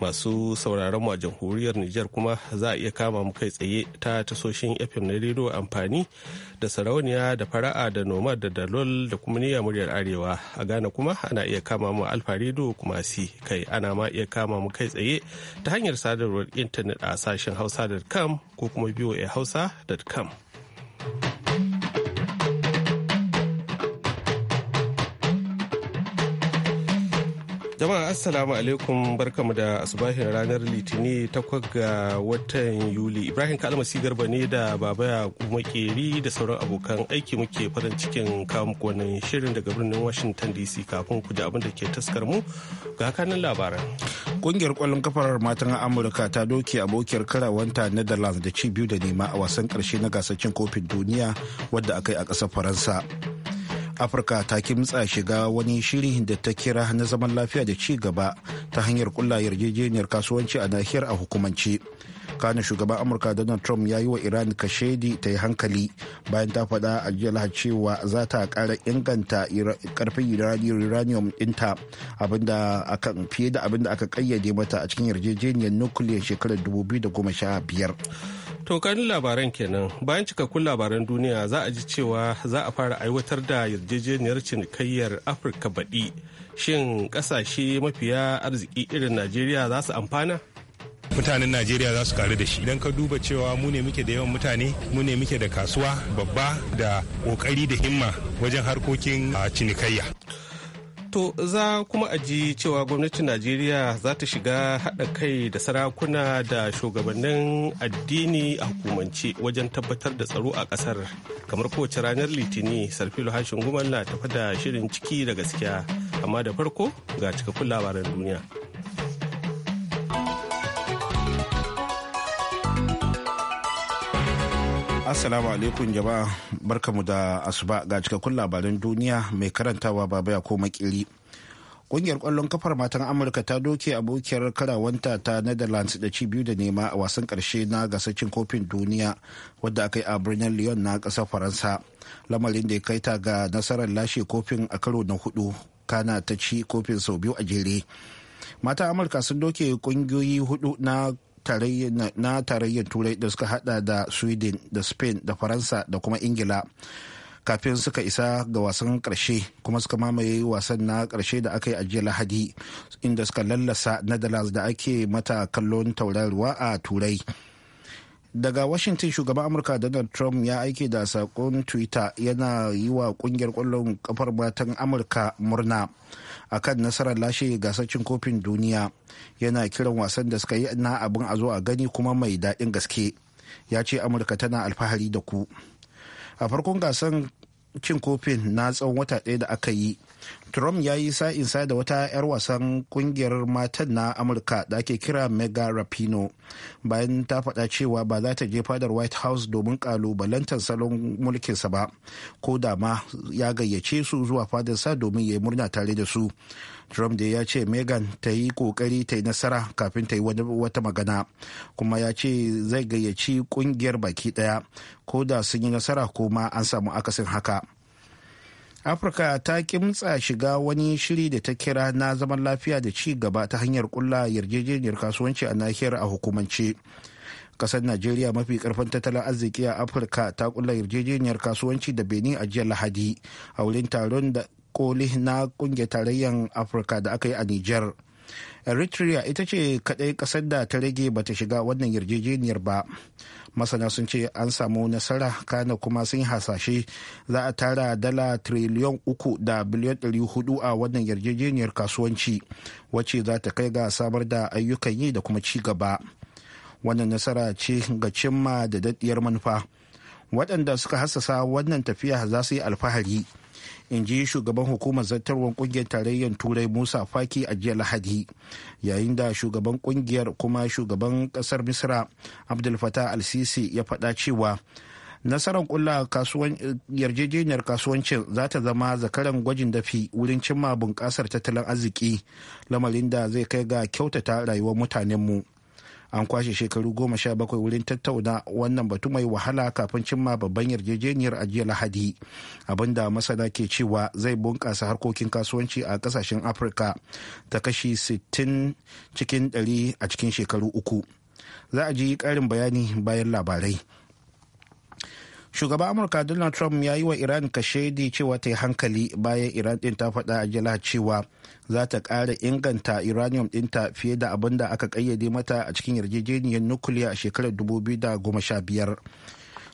masu sauraron mu a jamhuriyar Nijar kuma za a iya kama mu kai tsaye ta tasoshin FM na rediyo amfani da sarauniya da fara'a da noma da dalol da kuma niyya muryar arewa a Ghana kuma ana iya kama mu alfa rediyo kuma si kai ana ma iya kama mu kai tsaye ta hanyar sadarwar intanet a sashen hausa.com ko kuma voahausa.com. hausa.com Jama'a Assalamu alaikum barkamu da asubahin ranar Litini takwas ga watan Yuli. Ibrahim Kalmasi Garba ne da Babaya keri da sauran abokan aiki muke farin cikin kawo muku wannan shirin daga birnin Washington DC kafin ku ji abin da ke taskar mu ga kanin labaran. Kungiyar kwallon kafar matan Amurka ta doke abokiyar karawanta Netherlands da ci biyu da nema a wasan karshe na gasar cin kofin duniya wadda aka yi a ƙasar Faransa. afirka ta kimtsa shiga wani shiri da ta kira na zaman lafiya da ci gaba ta hanyar kulla yarjejeniyar kasuwanci a nahiyar a hukumance kana shugaban amurka donald trump ya yi wa iran kashedi ta yi hankali bayan ta faɗa a jiya cewa za ta ƙara inganta karfin uranium ɗinta fiye da abinda aka ƙayyade mata a cikin yarjejeniyar nukiliyar shekarar 2015 tokanin labaran kenan bayan cikakkun labaran duniya za a ji cewa za a fara aiwatar da yarjejeniyar cinikayyar Afirka baɗi. Shin ƙasashe mafiya arziki irin Najeriya za su amfana? mutanen najeriya za su karu da shi idan ka duba cewa mu ne muke da yawan mutane mu ne muke da kasuwa babba da kokari da himma wajen harkokin cinikayya To za kuma a ji cewa gwamnatin Najeriya za ta shiga haɗa kai da sarakuna da shugabannin addini a hukumance wajen tabbatar da tsaro a ƙasar. Kamar kowace ranar Litini, Sarfilo Hashin guman na tafa da shirin ciki da gaskiya. Amma da farko ga cikakkun labaran duniya. Assalamu alaikum jama'a barkamu da asuba ga cikakkun labaran duniya mai karantawa baba ya ko makiri kungiyar kwallon kafar matan Amurka ta doke abokiyar karawanta ta Netherlands da ci biyu da nema a wasan karshe na gasar kofin duniya wadda aka yi a birnin Lyon na kasar Faransa. Lamarin da ya kai ta ga nasarar lashe kofin a karo na hudu kana ta ci kofin sau biyu a jere. mata Amurka sun doke kungiyoyi hudu na tarayyar turai da suka hada da sweden da spain da faransa da kuma ingila kafin suka isa ga wasan karshe kuma suka mamaye wasan na karshe da aka yi ajiyar lahadi inda suka lallasa netherlands da ake mata kallon tauraruwa a turai daga washington shugaban amurka donald trump ya aiki da sakon twitter yana yi wa kungiyar kwallon kafar matan amurka murna akan nasarar lashe gasar cin kofin duniya yana kiran wasan da suka yi na abin a zo a gani kuma mai daɗin gaske ya ce amurka tana alfahari da ku a farkon gasar cin kofin na tsawon wata ɗaya da aka yi trump ya yi sa'insa da wata 'yar wasan kungiyar matan na amurka da ake kira mega rapino bayan ta faɗa cewa ba za ta je fadar white house domin kalubalantar salon mulkinsa ba ko da ma ya gayyace su zuwa fadarsa domin ya yi murna tare da su trump da ya ce megan ta yi kokari ta yi nasara kafin ta yi wata magana kuma ya ce zai gayyaci kungiyar baki ɗaya ko da sun yi nasara ko ma an samu akasin haka afirka ta kimtsa shiga wani shiri da ta kira na zaman lafiya da ci gaba ta hanyar kulla yarjejeniyar kasuwanci a nahiyar a hukumance kasar najeriya mafi karfin tattalin arziki a afirka ta kulla yarjejeniyar kasuwanci da benin a jiya lahadi a wurin taron da koli na kungiyar tarayyar afirka da aka yi a niger eritrea ita ce kadai kasar da ta rage bata shiga wannan yarjejeniyar ba masana sun ce an samu nasara kana kuma sun hasashe za a tara dala triliyon uku da biliyon ɗari hudu a wannan yarjejeniyar kasuwanci wacce za ta kai ga samar da ayyukan yi da kuma ci gaba wannan nasara ce ga cimma da daɗiyar manufa waɗanda suka hasasa wannan tafiya za su yi alfahari in ji shugaban hukumar zartarwar kungiyar tarayyar turai musa faki a jiya lahadi yayin da shugaban kungiyar kuma shugaban kasar misra abdul fatah al-sisi ya faɗa cewa nasarar kula yarjejeniyar kasuwancin za ta zama zakaran gwajin dafi wurin cimma bunƙasar tattalin arziki lamarin da zai kai ga kyautata rayuwar mutanenmu an kwashe shekaru goma sha bakwai wurin tattauna wannan batu mai wahala kafin cimma babban yarjejeniyar ajiyar lahadi abinda masana ke cewa zai bunkasa harkokin kasuwanci a kasashen afirka ta kashi sittin cikin 100 a cikin shekaru uku za a ji karin bayani bayan labarai shugaban amurka donald trump ya yi wa iran kashedi cewa ta yi hankali bayan iran din ta faɗa a jila cewa za ta ƙara inganta uranium ɗinta fiye da abin da aka ƙayyade mata a cikin yarjejeniyar nukuliya a shekarar 2015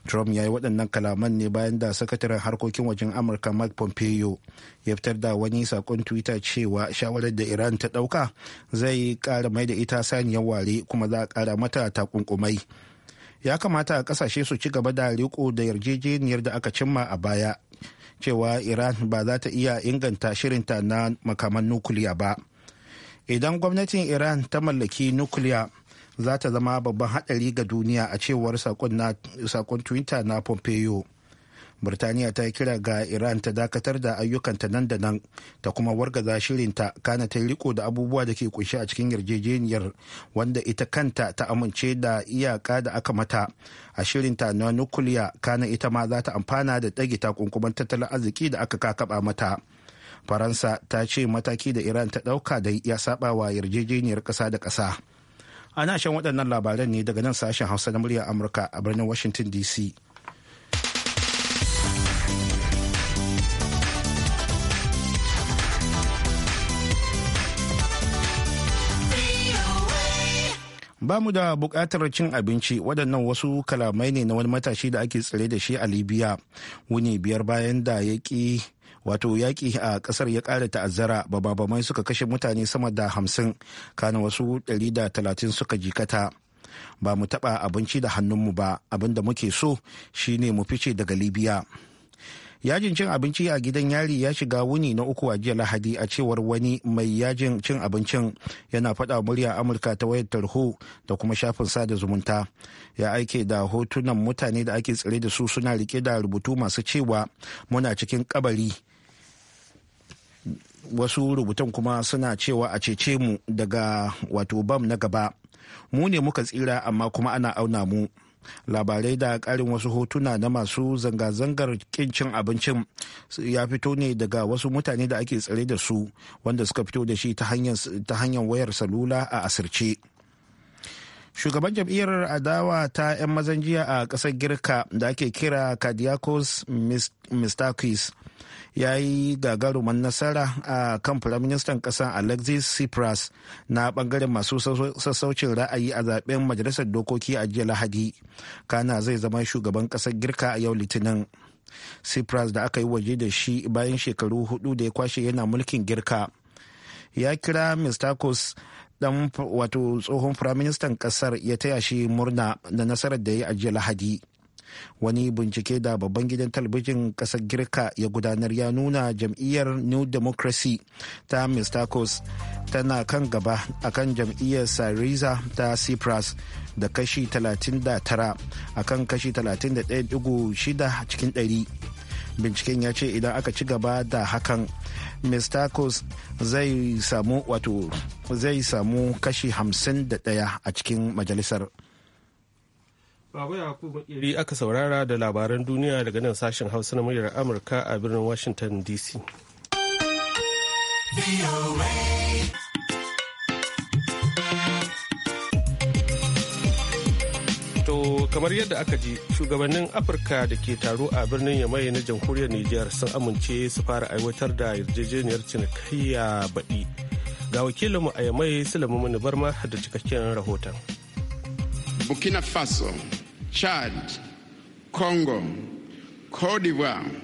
trump ya yi waɗannan kalaman ne bayan da sakataren harkokin wajen amurka mike pompeo ya fitar da wani sakon twitter cewa shawarar da iran ta ɗauka zai ƙara mai da ita saniyar ware kuma za a ƙara mata takunkumai. ya kamata a kasashe su ci gaba da riko da yarjejeniyar da aka cimma a baya cewa iran ba za ta iya inganta shirinta na makaman nukuliya ba idan gwamnatin iran ta mallaki nukuliya za ta zama babban hadari ga duniya a cewar saƙon twitter na pompeo Birtaniya ta yi kira ga Iran ta dakatar da ayyukanta nan da nan ta kuma wargaza shirinta kana ta riko da abubuwa da ke kunshi a cikin yarjejeniyar wanda ita kanta ta amince da iyaka da aka mata a shirinta na nukuliya kana ita ma za ta amfana da ɗage takunkuman tattalin arziki da aka kakaba mata. Faransa ta ce mataki da Iran ta ɗauka da ya saba wa yarjejeniyar ƙasa da ƙasa. Ana shan waɗannan labaran ne daga nan sashen Hausa na muryar Amurka a birnin Washington DC. ba mu da buƙatar cin abinci waɗannan wasu kalamai ne na wani matashi da ake tsare da shi a libya wuni biyar bayan da yaƙi wato yaƙi a ƙasar ya ƙara ta'azzara bababamai suka kashe mutane sama da hamsin kana wasu ɗari da talatin suka jikata ba mu taɓa abinci da hannunmu ba abin da muke so shine mu fice daga libya yajin cin abinci a gidan yari ya shiga wuni na uku a jiya lahadi a cewar wani mai yajin cin abincin yana faɗa murya amurka ta wayar tarho da kuma shafin sada zumunta ya aike da hotunan mutane da ake tsire da su suna rike da rubutu masu cewa muna cikin kabari wasu rubutan kuma suna cewa a cece mu daga wato bam na gaba mu ne muka tsira amma kuma ana auna mu labarai da karin wasu hotuna na masu zanga-zangar cin abincin ya fito ne daga wasu mutane da ake tsare da su wanda suka fito da shi ta hanyar wayar salula a asirce. shugaban jam'iyyar adawa ta 'yan mazan jiya a ƙasar girka da ake kira kadiakos mistakis ya yi gagaruman nasara a kan firaministan ƙasar alexis tsipras na ɓangaren masu sassaucin ra'ayi a zaben majalisar dokoki a jiya lahadi kana zai zama shugaban ƙasar girka a yau litinin tsipras da aka yi waje da shi bayan shekaru hudu da ya kwashe yana mulkin girka ya kira mistakos dan wato tsohon firaministan kasar ya taya shi murna da nasarar da ya ajiye lahadi wani bincike da babban gidan talabijin kasar girka ya gudanar ya nuna jam'iyyar new democracy ta mistakos tana kan gaba a kan jam'iyyar syriza ta cyprus da kashi 39 kan kashi 31.6 cikin 100 binciken ya ce idan aka ci gaba da hakan mistakos zai samu wato zai samu kashi hamsin da ɗaya a cikin majalisar Baba Yakubu Iri aka saurara da labaran duniya daga nan sashen Hausa na muryar Amurka a birnin Washington DC. kamar yadda aka ji shugabannin afirka da ke taro a birnin yamai na jamhuriyar nijar sun amince su fara aiwatar da yarjejeniyar cinikayya baɗi ga wakilinmu a yamai sulaimu barma da cikakken rahoton burkina faso chad congo cote d'ivoire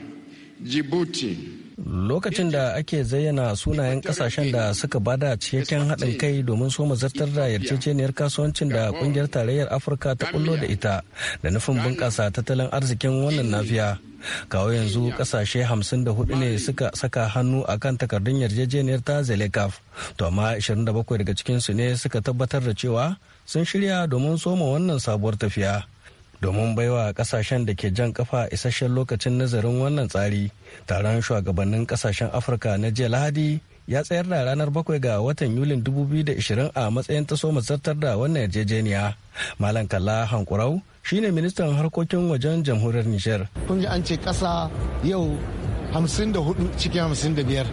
djibouti lokacin da ake zayyana sunayen kasashen da suka bada cikakken haɗin kai domin soma zartar da yarjejeniyar kasuwancin da ƙungiyar tarayyar afirka ta kullo da ita da nufin bunƙasa tattalin arzikin wannan nafiya kawo yanzu kasashe 54 ne suka saka hannu a kan takardun yarjejeniyar ta zelekaf to amma 27 daga cikinsu ne suka tabbatar da cewa sun shirya domin soma wannan sabuwar tafiya domin baiwa kasashen da ke jan kafa isasshen lokacin nazarin wannan tsari taron shugabannin kasashen afirka na jiya lahadi ya tsayar da ranar bakwai ga watan yulin 2020 a matsayin taso zartar da wannan yarjejeniya malam kalla hankurau shine ministan harkokin wajen jamhuriyar Nijar. Kun ji an ce ƙasa yau 54 cikin 55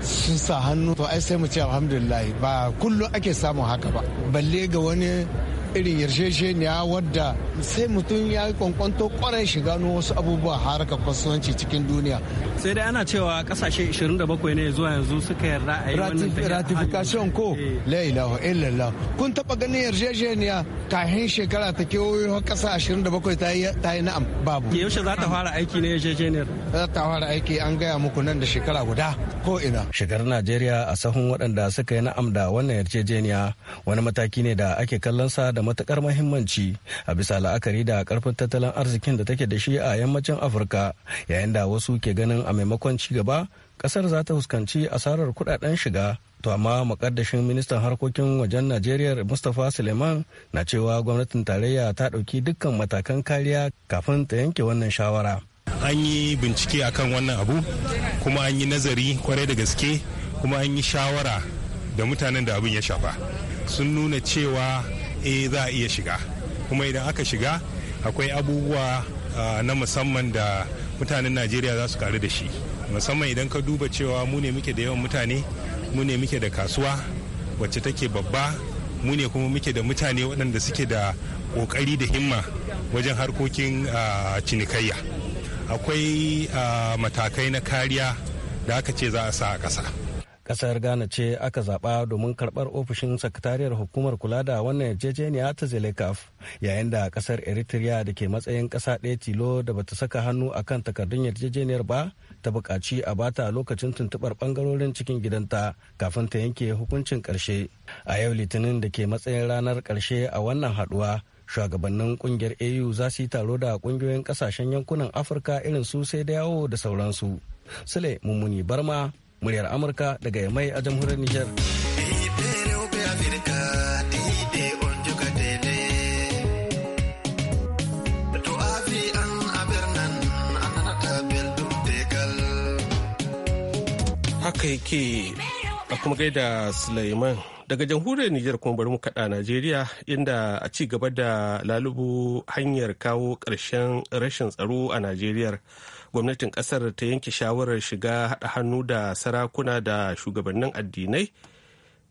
sun sa hannu to ai sai mu ce alhamdulillah ba kullum ake samun haka ba balle ga wani irin yarjejeniya wadda sai mutum ya yi kwankwanto kwarai shi gano wasu abubuwa harkar kasuwanci cikin duniya. sai dai ana cewa kasashe 27 ne zuwa yanzu suka yarda a yi wannan Ratifikashon ko eh. la ilaha illallah kun taba ganin yarjejeniya kahin shekara ta kewayo kasa 27 ta yi na'am babu yaushe za ta fara aiki ne yarjejeniyar za ta fara aiki an gaya muku nan da shekara guda ko ina shigar najeriya a sahun waɗanda suka yi na'am da wannan yarjejeniya wani mataki ne da ake kallon sa da matukar mahimmanci a bisa la'akari da karfin tattalin arzikin da take da shi a yammacin afirka yayin da wasu ke ganin a maimakon ci gaba kasar za ta fuskanci asarar kudaden shiga To amma makaddashin ministan harkokin wajen Najeriya Mustapha Suleiman na cewa gwamnatin tarayya ta ɗauki dukkan matakan kariya kafin ta yanke wannan shawara. An yi bincike akan wannan abu kuma an yi nazari kwarai da gaske kuma an yi shawara da mutanen da abin ya shafa. Sun nuna cewa e za a iya shiga kuma idan aka shiga akwai abubuwa na musamman da mutanen Najeriya za su karu da shi. musamman idan ka duba cewa mu ne muke da yawan mutane mu ne muke da kasuwa wacce take babba mu ne kuma muke da mutane waɗanda suke da ƙoƙari da himma wajen harkokin cinikayya akwai matakai na kariya da aka ce za a sa a ƙasa ƙasar ghana ce aka zaɓa domin karɓar ofishin sakatariyar hukumar kula da wannan yarjejeniya ta zelekaf yayin da ƙasar eritrea da ke matsayin ƙasa ɗaya tilo da bata saka hannu akan takardun yarjejeniyar ba ta buƙaci a bata lokacin tuntuɓar ɓangarorin cikin gidanta kafin ta yanke hukuncin ƙarshe a yau litinin da ke matsayin ranar ƙarshe a wannan haɗuwa shugabannin ƙungiyar au za su yi taro da ƙungiyoyin ƙasashen yankunan afirka irin su sai da yawo da sauransu sule mummuni barma muryar amurka daga yamai a jamhuriyar niger haka yake a kuma gaida Sulaiman daga jamhuriyar Nijar kuma bari mu kaɗa Najeriya inda a ci gaba da lalubu hanyar kawo karshen rashin tsaro a Najeriya. Gwamnatin kasar ta yanke shawarar shiga haɗa hannu da sarakuna da shugabannin addinai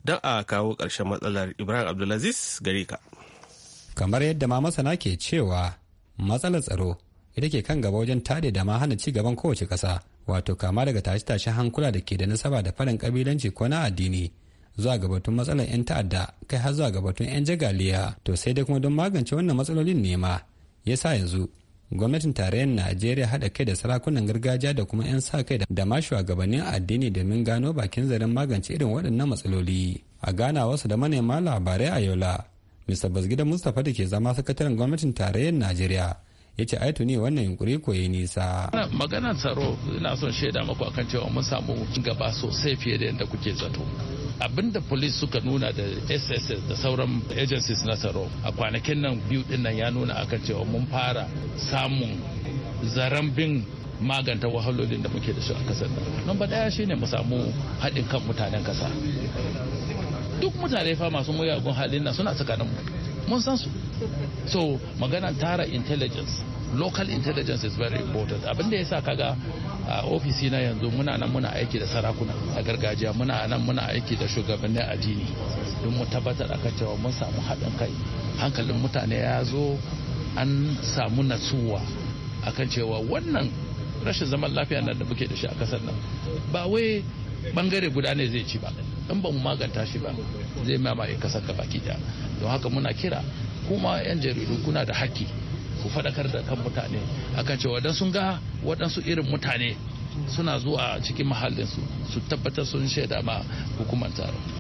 don a kawo ƙarshen matsalar Ibrahim Abdulaziz gare ka. Kamar yadda ma masana ke cewa matsalar tsaro ita ke kan gaba wajen tade da ma hana ci gaban kowace ƙasa. wato kama daga tashe-tashe hankula da ke da nasaba da farin kabilanci ko na addini zuwa ga batun matsalar 'yan ta'adda kai har zuwa ga batun 'yan jagaliya to sai dai kuma don magance wannan matsalolin ne ya sa yanzu gwamnatin tarayyar najeriya haɗa kai da sarakunan gargajiya da kuma 'yan sa kai da ma shugabannin addini domin gano bakin zaren magance irin waɗannan matsaloli a gana wasu da manema labarai a yola mr basgida mustapha da ke zama sakataren gwamnatin tarayyar najeriya ya ce aituni wannan yunkuri ko ya nisa. maganar tsaro ina son shaida maku akan cewa mun samu gaba sosai fiye da yadda kuke zato abinda police suka nuna da sss da sauran agencies na tsaro a kwanakin nan biyu dinnan ya nuna akan cewa mun fara samun zaren bin maganta wahalolin da muke da shi a kasar nan namba daya shine mu samu haɗin kan mutanen kasa duk mutane fa masu muyagun halin nan suna tsakanin mu. mun san su so magana tara intelligence local intelligence is very important abinda ya sa kaga a ofisi na yanzu muna nan muna aiki da sarakuna a gargajiya muna nan muna aiki da shugabannin addini don mu tabbatar aka cewa mun samu haɗin kai hankalin mutane ya zo an samu natsuwa akan cewa wannan rashin zaman lafiya nan da muke da shi a kasar nan ba wai bangare guda ne zai ci ba in ba mu maganta shi ba zai mamaye kasar ka baki da don haka muna kira kuma 'yan jaridu kuna da haƙƙi ku faɗakar da kan mutane akan cewa dan sun ga waɗansu irin mutane suna zuwa cikin mahallinsu su tabbatar sun shaida ma hukumar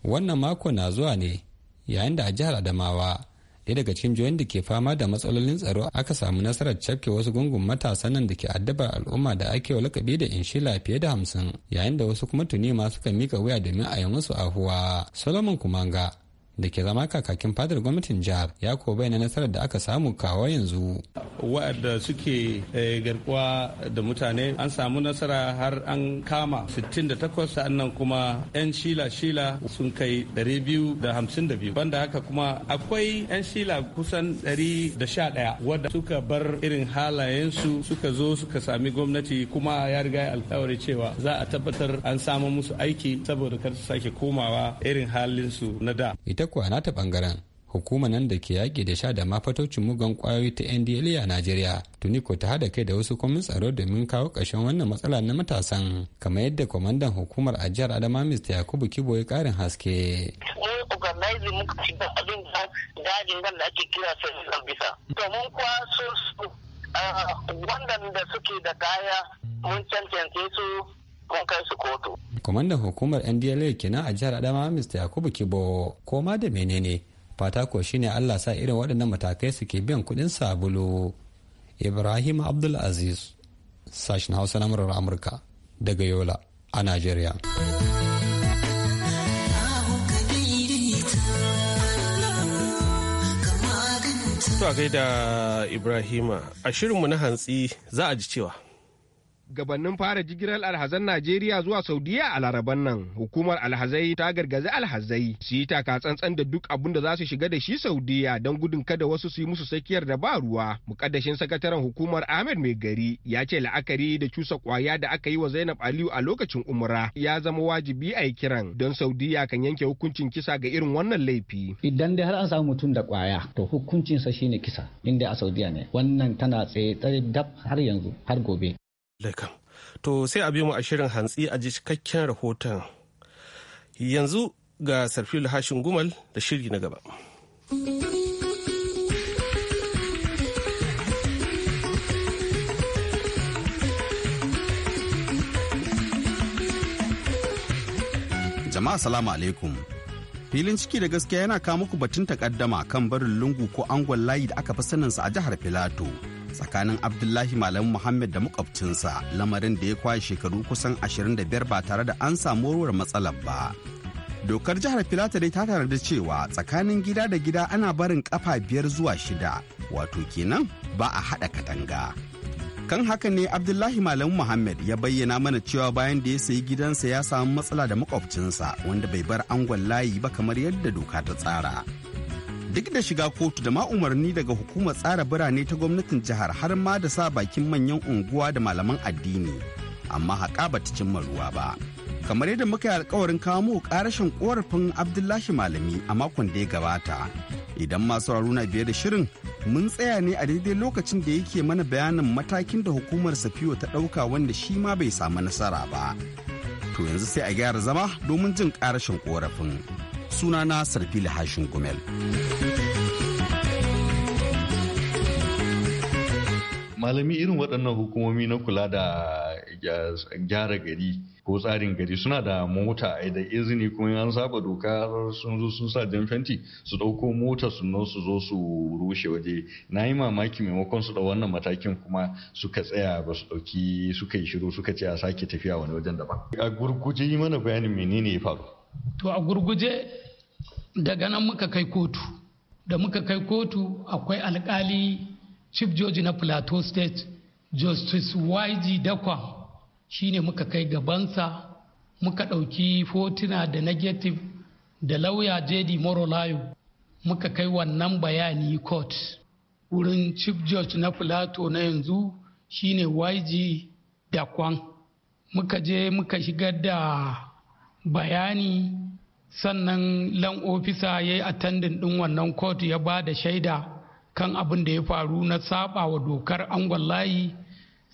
Wannan mako na zuwa ne yayin da a jihar Adamawa ɗaya daga cikin da ke fama da matsalolin tsaro aka samu nasarar cafke wasu gungun matasan nan da ke addabar al'umma da ake wa lakabi da inshila fiye da hamsin yayin da wasu kuma tuni ma suka mika wuya domin a yi musu ahuwa solomon kumanga da ke zama kakakin fadar gwamnatin jihar ya ko bayyana nasarar da aka samu kawo yanzu wa'adda suke eh, garkuwa da mutane an samu nasara har an kama 68 sannan kuma 'yan shila-shila sun kai 252 banda haka kuma akwai 'yan shila kusan 111 wadda suka bar irin halayensu suka zo suka sami gwamnati kuma ya riga alkawari cewa za a tabbatar an samu musu aiki saboda kar su sake komawa irin halinsu na da ita kuwa ta bangaren hukuma nan da ke yaƙi da sha da mafatocin mugan kwayoyi ta ndla e a najeriya tuni ko ta hada kai da wasu kwamin tsaro domin kawo ƙarshen wannan matsala na matasan kamar yadda kwamandan hukumar a jihar adama mr yakubu kibo ya ƙarin haske organizing muka abin wannan suke da kaya mun cancance su kun kai su kotu. Kwamandan hukumar NDLA kenan a jihar Adama Mr. Yakubu Kibo koma da menene fata ko shine Allah sa irin waɗannan matakai suke biyan kuɗin sabulu. Ibrahim Abdul Aziz sashen Hausa na murar Amurka daga Yola a Najeriya. Tuwa a gaida Ibrahima a shirinmu na hantsi za a ji cewa gabannin fara jigilar alhazan Najeriya zuwa Saudiya a laraban nan hukumar alhazai ta gargazi alhazai su yi taka tsantsan da duk abin da za su shiga da shi Saudiya don gudun kada wasu su yi musu tsakiyar da ba ruwa mukaddashin sakataren hukumar Ahmed Mai Gari ya ce la'akari da cusa kwaya da aka yi wa Zainab Aliyu a lokacin umra ya zama wajibi a yi kiran don Saudiya kan yanke hukuncin kisa ga irin wannan laifi idan dai har an samu mutum da kwaya to hukuncinsa shine kisa inda a Saudiya ne wannan tana tsaye dab har yanzu har gobe to sai a bi mu a shirin hantsi a ji cikakken rahoton yanzu ga sarfil hashin gumal da shiri na gaba jama'a salamu alaikum filin ciki da gaskiya yana kawo muku batun takaddama kan barin lungu ko angon layi da aka fi saninsa a jihar filato tsakanin abdullahi malam muhammad da makwabcinsa lamarin da ya kwashe shekaru kusan 25 ba tare da an samu ruwar matsalar ba dokar jihar filata dai ta da cewa tsakanin gida da gida ana barin kafa biyar zuwa shida wato kenan ba a haɗa katanga kan haka ne abdullahi malam muhammad ya bayyana mana cewa bayan da ya sayi gidansa ya samu matsala da makwabcinsa wanda bai bar angon layi ba kamar yadda doka ta tsara duk da shiga kotu da ma umarni daga hukumar tsara birane ta gwamnatin jihar har ma da sa bakin manyan unguwa da malaman addini amma haƙa bata cimma ruwa ba kamar yadda muka yi alkawarin kawo mu ƙarashin korafin abdullahi malami a makon da ya gabata idan masu na biye da shirin mun tsaya ne a daidai lokacin da yake mana bayanin matakin da hukumar safiyo ta ɗauka wanda shi ma bai samu nasara ba to yanzu sai a gyara zama domin jin ƙarashin korafin sunana sarfili hashin gumel malami irin waɗannan hukumomi na kula da gyara gari ko tsarin gari suna da mota a da izini kuma an saba doka sun zo sun sa jan fenti su ɗauko mota su nan su zo su rushe waje na yi mamaki maimakon su da wannan matakin kuma suka tsaya ba su ɗauki suka yi shiru suka ce a sake tafiya wani wajen daban a gurguje yi mana bayanin menene ya faru to a gurguje daga nan muka kai kotu da muka kai kotu akwai alkali chief george na plateau state justice yg dakwa shine muka kai gabansa muka ɗauki fotuna da negative da lauya jd morolayo muka kai wannan bayani court wurin chief george na plateau na yanzu shine yg dakwan muka je muka shigar da bayani sannan lan ofisa ya yi tandin ɗin wannan kotu ya ba da shaida kan abin da ya faru na saba wa dokar angon layi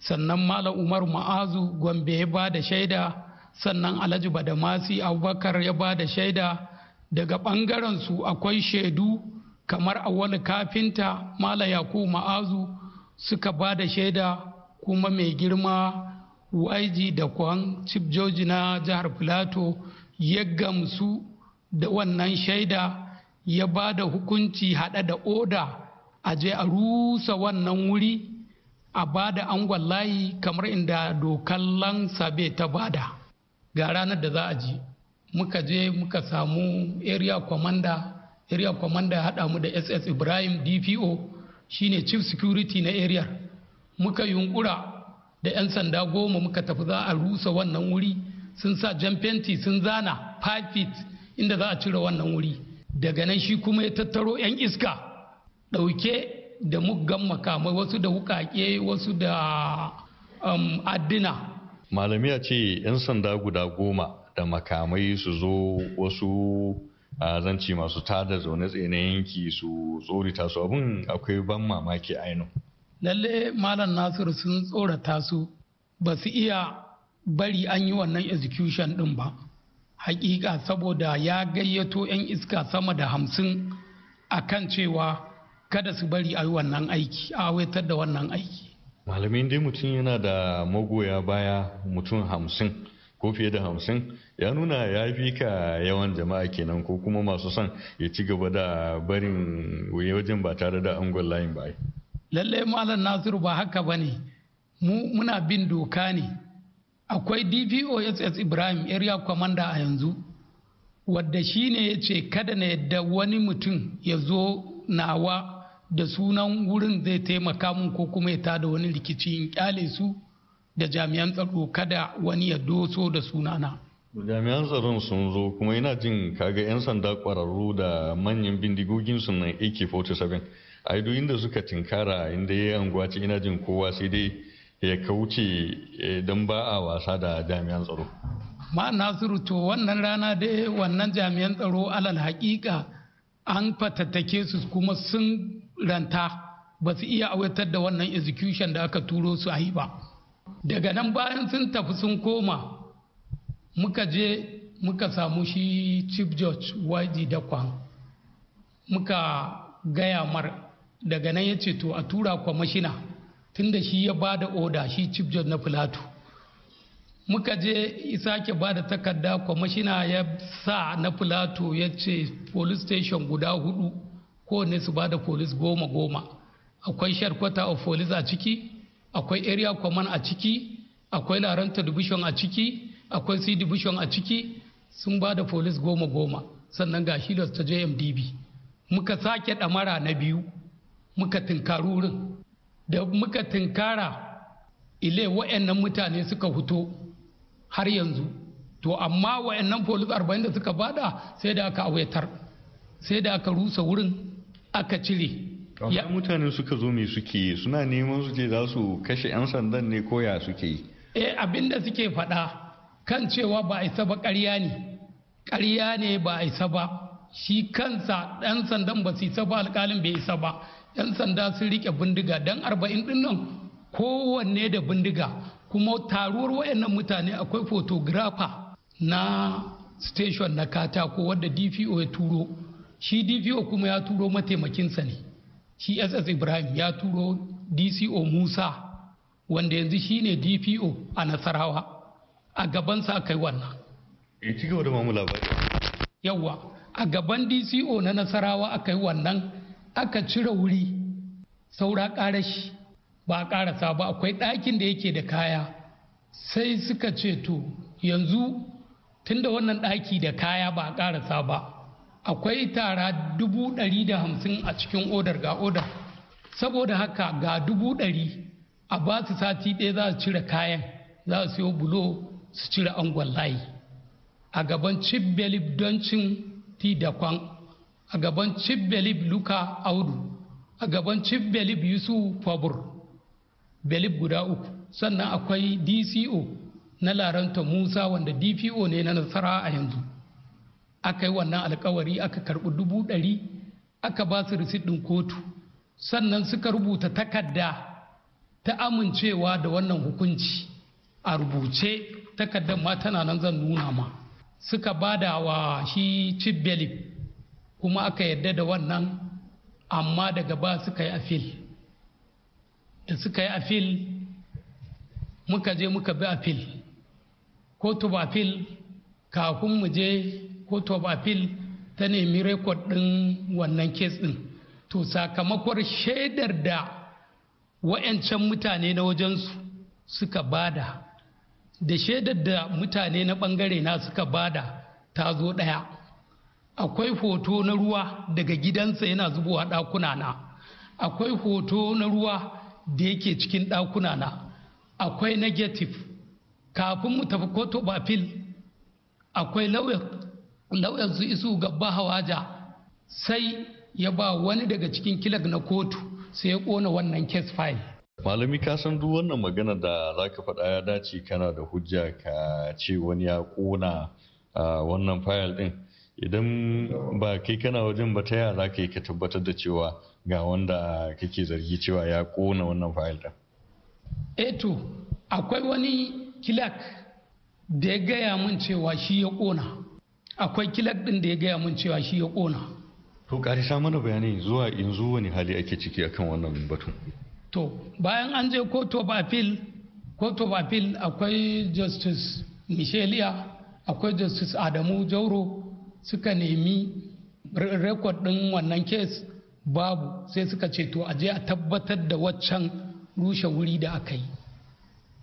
sannan malam umar ma'azu gombe ya ba da shaida sannan alhaji badamasi abubakar ya ba da shaida daga ɓangaren su akwai shaidu kamar awali kafinta malam yakubu ma'azu suka ba da shaida kuma mai girma YG da kwan chief na jihar plateau ya gamsu da wannan shaida ya ba da hukunci haɗa da oda a je a rusa wannan wuri a ba da angon layi kamar inda dokar bai ta ba da ga ranar da za a ji muka je muka samu area commander area commander haɗa mu da ss ibrahim dpo shine chief security na area muka yunkura da 'yan sanda goma muka tafi za a rusa wannan wuri sun sa jan fenti sun zana 5 feet inda za a cire wannan wuri daga nan shi kuma ya tattaro 'yan iska ɗauke da muggan makamai wasu da wukake wasu da um, addina malami ya ce 'yan sanda guda goma da makamai su zo wasu a zanci masu tada zaune tsaye na yanki su tsorita su abin akwai ban mamaki aino lalle malam nasiru sun tsorata su ba su iya bari an yi wannan execution din ba hakika saboda ya gayyato 'yan iska sama da hamsin a kan cewa kada su bari a yi wannan aiki a wetar da wannan aiki malamin dai mutum yana da magoya baya mutum hamsin ko fiye da hamsin ya nuna ya fi ka yawan jama'a kenan ko kuma masu son ya ci gaba da barin wajen ba tare da angon layin ba lallai malam nasiru ba haka ba ne mu muna bin doka ne akwai dposs ibrahim area commander a yanzu wadda shi ne ya ce kada na yadda wani mutum ya zo nawa da sunan wurin zai taimaka mun ko kuma ya tada wani rikici in kyale su da jami'an tsaro kada wani ya doso da sunana jami'an tsaron sun zo kuma yana jin kaga 'yan sanda kwararru da manyan bindigogin sun nan ak-47 a inda suka tinkara inda ya yi anguwa ina jin kowa sai dai ya kauce eh, don ba a wasa da jami'an tsaro Ma'an nasiru to wannan rana dai wannan jami'an tsaro alal haƙiƙa an fatattake su kuma sun ranta ba su iya auyatar da wannan execution da aka turo su a yi ba daga nan bayan sun tafi sun koma muka je muka samu shi chief george waji dakwan muka gaya mar daga nan ya ce to a tura kwamashina tunda shi ya ba da oda shi chief na filato muka je sake ba da takarda kwamashina ya sa na filato ya ce police station guda hudu kowanne su ba da police goma goma akwai sharkwata of police a ciki akwai area command a ciki akwai laranta division a ciki akwai c division a ciki sun ba da police goma goma sannan ga shi ta jmdb muka sake damara na biyu muka tunkari wurin da muka tunkara ile wa'annan mutane suka fito har yanzu to amma wa'annan polis arba'in da suka bada sai da aka awetar sai da aka rusa wurin aka cire ya mutane suka zo me suke suna neman su za su kashe 'yan sandan ne ko ya suke yi eh abinda suke faɗa kan cewa ba a isa ba ƙarya ne ƙarya ne ba a isa ba shi kansa ɗan sandan ba su isa ba alƙalin bai isa ba 'yan sanda sun rike bindiga dan arba'in din nan kowanne da bindiga kuma taruwar wayannan mutane akwai photographer na station na katako wadda dpo ya turo shi dpo kuma ya turo mataimakinsa ne shi ss ibrahim ya turo dco musa wanda yanzu shine dpo a nasarawa a gabansa aka yi wannan E, ci gaba da mamu labari yawwa a gaban dco na nasarawa aka yi wannan aka cire wuri saura ƙara shi ba a ƙarasa ba akwai ɗakin da yake da kaya sai suka ce to yanzu tunda wannan ɗaki da kaya ba a ƙarasa ba akwai tara dubu ɗari da hamsin a cikin odar ga odar saboda haka ga dubu ɗari a ba su sati ɗaya za su cire kayan za su siyo bulo su cire angon layi a gaban cibbe don cin ti da kwan a gaban chief luka audu a gaban chief belib yusuf fabur belib guda uku sannan akwai dco na laranta musa wanda dpo ne na nasara a yanzu aka yi wannan alkawari aka karɓi dubu ɗari aka ba su risit ɗin kotu sannan suka rubuta takarda ta amincewa da wannan hukunci a rubuce takardar ma tana nan zan nuna ma suka bada wa shi chief kuma aka yarda da wannan amma daga ba suka yi afil da suka yi afil muka je muka bi afil kotu ba afil kafin mu je kotu ba afil ta nemi rekod ɗin wannan kes ɗin to sakamakon shaidar da wa'yancan mutane na wajensu suka bada da shaidar da mutane na ɓangare na suka bada ta zo ɗaya akwai hoto na ruwa daga gidansa yana zubowa ɗakuna na akwai hoto na ruwa da yake cikin ɗakuna na akwai negative kafin mu tafi koto fil akwai lauyar su isu gabba hawaja sai ya ba wani daga cikin kilag na kotu sai ya ƙona wannan case file malami ka san duk wannan magana da za ka faɗa ya dace kana da hujja ka ce wani ya ƙona ah, wannan fayil ɗin idan ba kai kana wajen ba ta yaya za ka yi ka tabbatar da cewa ga wanda kake zargi cewa ya kona wannan fayil ɗin. eto eh akwai wani kilak da ya gaya min cewa shi ya kona akwai kilak ɗin da ya gaya min cewa shi ya kona to sa mana bayanai zuwa zuwa wani hali ake ciki akan wannan batun to bayan an je court of appeal court of appeal akwai justice michelia akwai justice adamu jauro suka nemi rekod ɗin wannan kes babu sai suka ce to je a tabbatar da waccan rushe wuri da aka yi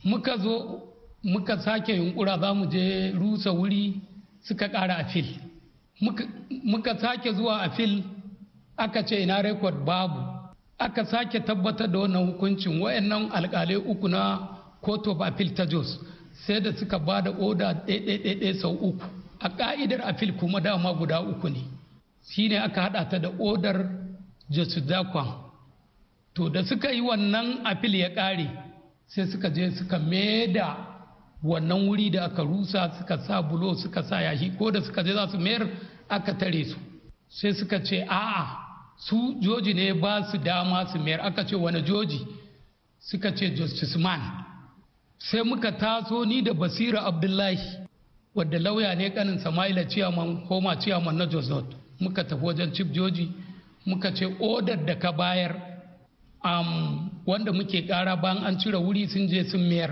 muka zo muka sake yunkura za mu je rusa wuri suka ƙara fil. muka sake zuwa a fil aka ce ina rekod babu aka sake tabbatar da wannan hukuncin wayannan alkalai uku na court of appeal ta jos sai da suka ba da oda ɗaiɗaiɗaiɗai sau uku a ka'idar afil kuma dama guda uku ne shine aka hada ta da odar jasudakwan to da suka yi wannan afil ya kare sai suka je suka maida wannan wuri da aka rusa suka sa bulo suka sa yashi ko da suka je za su mayar aka tare su sai suka ce a'a su joji ne ba su dama su mayar aka ce wani joji suka ce justice man sai muka taso ni da basira abdullahi wadda lauya ne kanin samaila ciyaman homa ciyaman na jos muka tafi wajen chief joji muka ce odar da ka bayar um, wanda muke kara bayan an cire wuri sun je sun mayar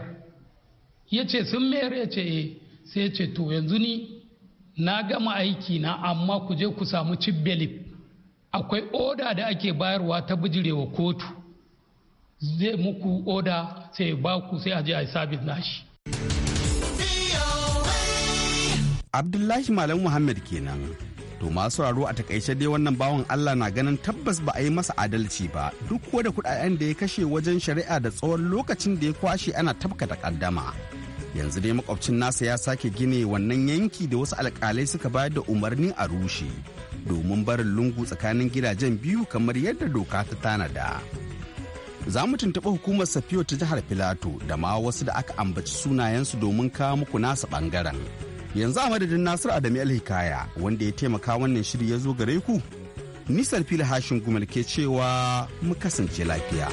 ya ce sun mayar ya ce e sai ya ce to yanzu ni na gama aiki na amma ku je ku samu chief belip akwai oda da ake bayarwa ta bijirewa kotu zai muku oda sai ba ku sai a je a yi sabis nashi. Abdullahi Malam Muhammad kenan. To masu raro a takaice dai wannan bawan Allah na ganin tabbas ba a yi masa adalci ba duk da kudaden da ya kashe wajen shari'a da tsawon lokacin da ya kwashe ana tafka kaddama Yanzu dai makwabcin nasa ya sake gine wannan yanki da wasu alkalai suka bayar da umarni a rushe domin barin lungu tsakanin gidajen biyu kamar yadda doka ta tanada. Za mu tuntuɓi hukumar Safiyo ta jihar Filato da ma wasu da aka ambaci sunayensu domin kawo muku nasa ɓangaren. yanzu a madadin nasir adamu alhikaya wanda ya taimaka wannan shiri ya zo gare ku nisan fili hashin gumal ke cewa mu kasance lafiya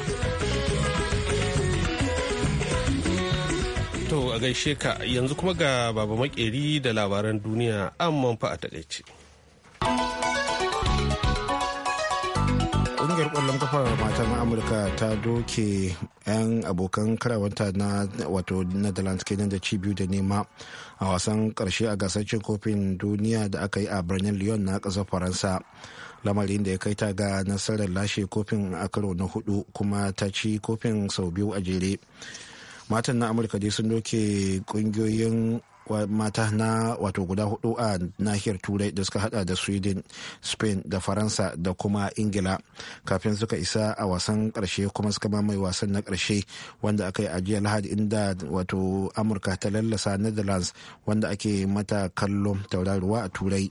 to a gaishe ka yanzu kuma ga baba makeri da labaran duniya amman fa a takaice ƙungiyar kwallon kafar matan amurka ta doke 'yan abokan karawanta na wato netherlands kenan da ci biyu da nema a wasan karshe a gasar cin kofin duniya da aka yi a birnin lyon na ƙasar faransa lamarin da ya kai ta ga nasarar lashe kofin a karo na hudu kuma ta ci kofin sau biyu a jere matan na amurka dai sun doke ƙungiyoyin. mata na wato guda hudu a nahiyar turai da suka hada da sweden spain da faransa da kuma ingila kafin suka isa a wasan karshe kuma suka mamaye wasan na karshe wanda aka yi a jiya lahadi inda wato amurka ta lallasa netherlands wanda ake mata kallon tauraruwa a turai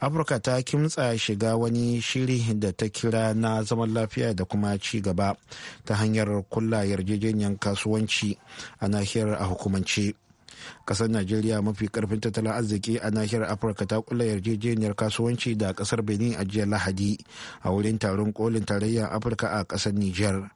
afirka ta kimtsa shiga wani shiri da ta kira na zaman lafiya da kuma ci gaba ta hanyar kula yarjejeniyar kasuwanci a nahiyar a hukumance kasar najeriya mafi karfin tattalin arziki a nahiyar afirka ta kula yarjejeniyar kasuwanci da kasar benin a jiya lahadi a wurin taron kolin tarayyar afirka a kasar niger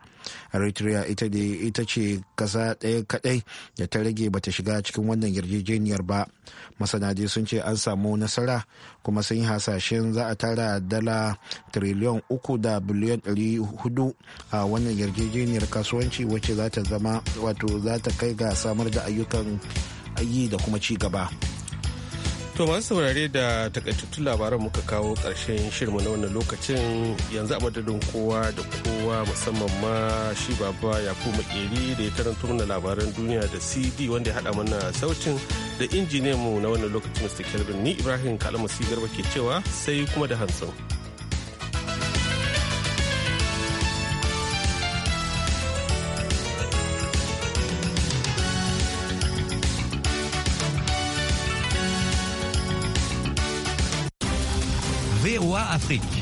eritrea ita ce kasa ɗaya kaɗai da ta rage bata shiga cikin wannan yarjejeniyar ba masana dai sun ce an samu nasara kuma sun yi hasashen za a tara dala triliyan uku da biliyan ɗari hudu a wannan yarjejeniyar kasuwanci wacce za ta zama wato za ta kai ga samar da ayyukan yi da kuma ci gaba. To masu saurare da takaitattun labaran muka kawo ƙarshen shirmu na wannan lokacin yanzu a madadin kowa da kowa musamman ma shi baba yakubu makeri da ya taranto mana labaran duniya da cd wanda ya haɗa mana sautin da injiniyanmu na wannan lokacin mr kelvin ni ibrahim kalamu garba ke cewa sai kuma da hantsin. Afrique.